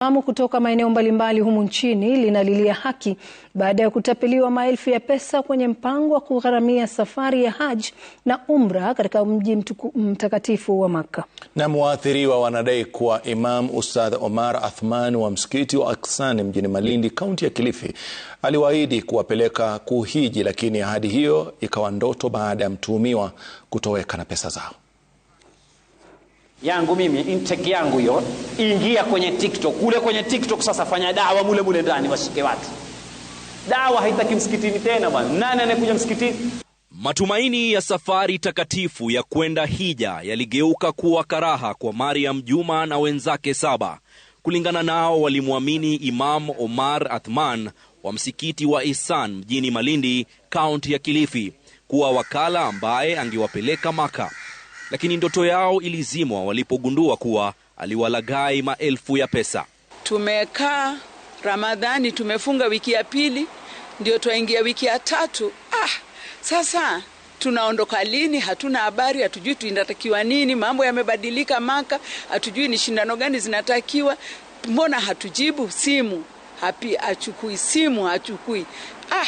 Amu kutoka maeneo mbalimbali humu nchini linalilia haki baada ya kutapeliwa maelfu ya pesa kwenye mpango wa kugharamia safari ya Haj na Umra katika mji mtakatifu wa Makka. Na waathiriwa wanadai kuwa Imam Ustadh Omar Athman wa msikiti wa Aksani mjini Malindi, kaunti ya Kilifi, aliwaahidi kuwapeleka kuhiji, lakini ahadi hiyo ikawa ndoto baada ya mtuhumiwa kutoweka na pesa zao yangu mimi intake yangu hiyo, ingia kwenye TikTok kule. Kwenye TikTok sasa fanya dawa mule mule ndani, washike watu. Dawa haitaki msikitini tena bwana. Nani anayekuja msikitini? Matumaini ya safari takatifu ya kwenda hija yaligeuka kuwa karaha kwa Mariam Juma na wenzake saba. Kulingana nao, walimwamini Imam Omar Athman wa msikiti wa isan mjini Malindi, kaunti ya Kilifi, kuwa wakala ambaye angewapeleka Maka lakini ndoto yao ilizimwa walipogundua kuwa aliwalagai maelfu ya pesa. Tumekaa Ramadhani, tumefunga wiki ya pili, ndio twaingia wiki ya tatu. Ah, sasa tunaondoka lini? Hatuna habari, hatujui tunatakiwa nini. Mambo yamebadilika Maka, hatujui ni shindano gani zinatakiwa. Mbona hatujibu simu? Hapi achukui simu, hachukui. Ah,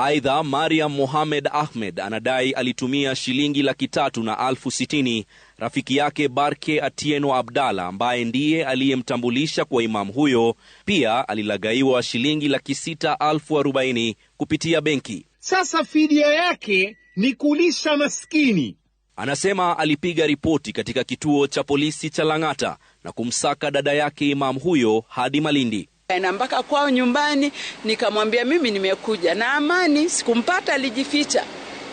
Aidha, Mariam Mohamed Ahmed anadai alitumia shilingi laki tatu na alfu sitini rafiki yake Barke Atieno Abdalla ambaye ndiye aliyemtambulisha kwa imamu huyo. Pia alilagaiwa shilingi laki sita alfu arobaini kupitia benki. Sasa fidia yake ni kulisha maskini. Anasema alipiga ripoti katika kituo cha polisi cha Lang'ata na kumsaka dada yake imamu huyo hadi Malindi na mpaka kwao nyumbani, nikamwambia mimi nimekuja. Na Amani sikumpata, alijificha.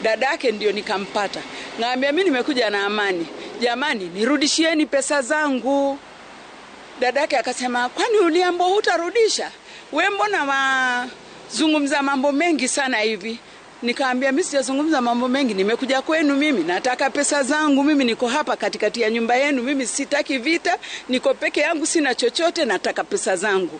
dadake, ndio nikampata, Ngaambia mimi nimekuja na Amani, jamani, nirudishieni pesa zangu. Dadake akasema, kwani uliambo hutarudisha? We mbona wazungumza mambo mengi sana hivi? Nikaambia mimi sijazungumza mambo mengi, nimekuja kwenu mimi, nataka pesa zangu mimi, niko hapa katikati ya nyumba yenu, mimi sitaki vita, niko peke yangu, sina chochote, nataka pesa zangu.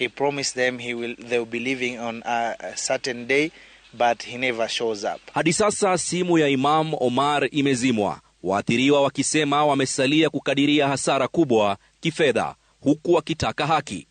he promised them he will, they will be leaving on a, a certain day but he never shows up. Hadi sasa simu ya Imam Omar imezimwa, waathiriwa wakisema wamesalia kukadiria hasara kubwa kifedha, huku wakitaka haki.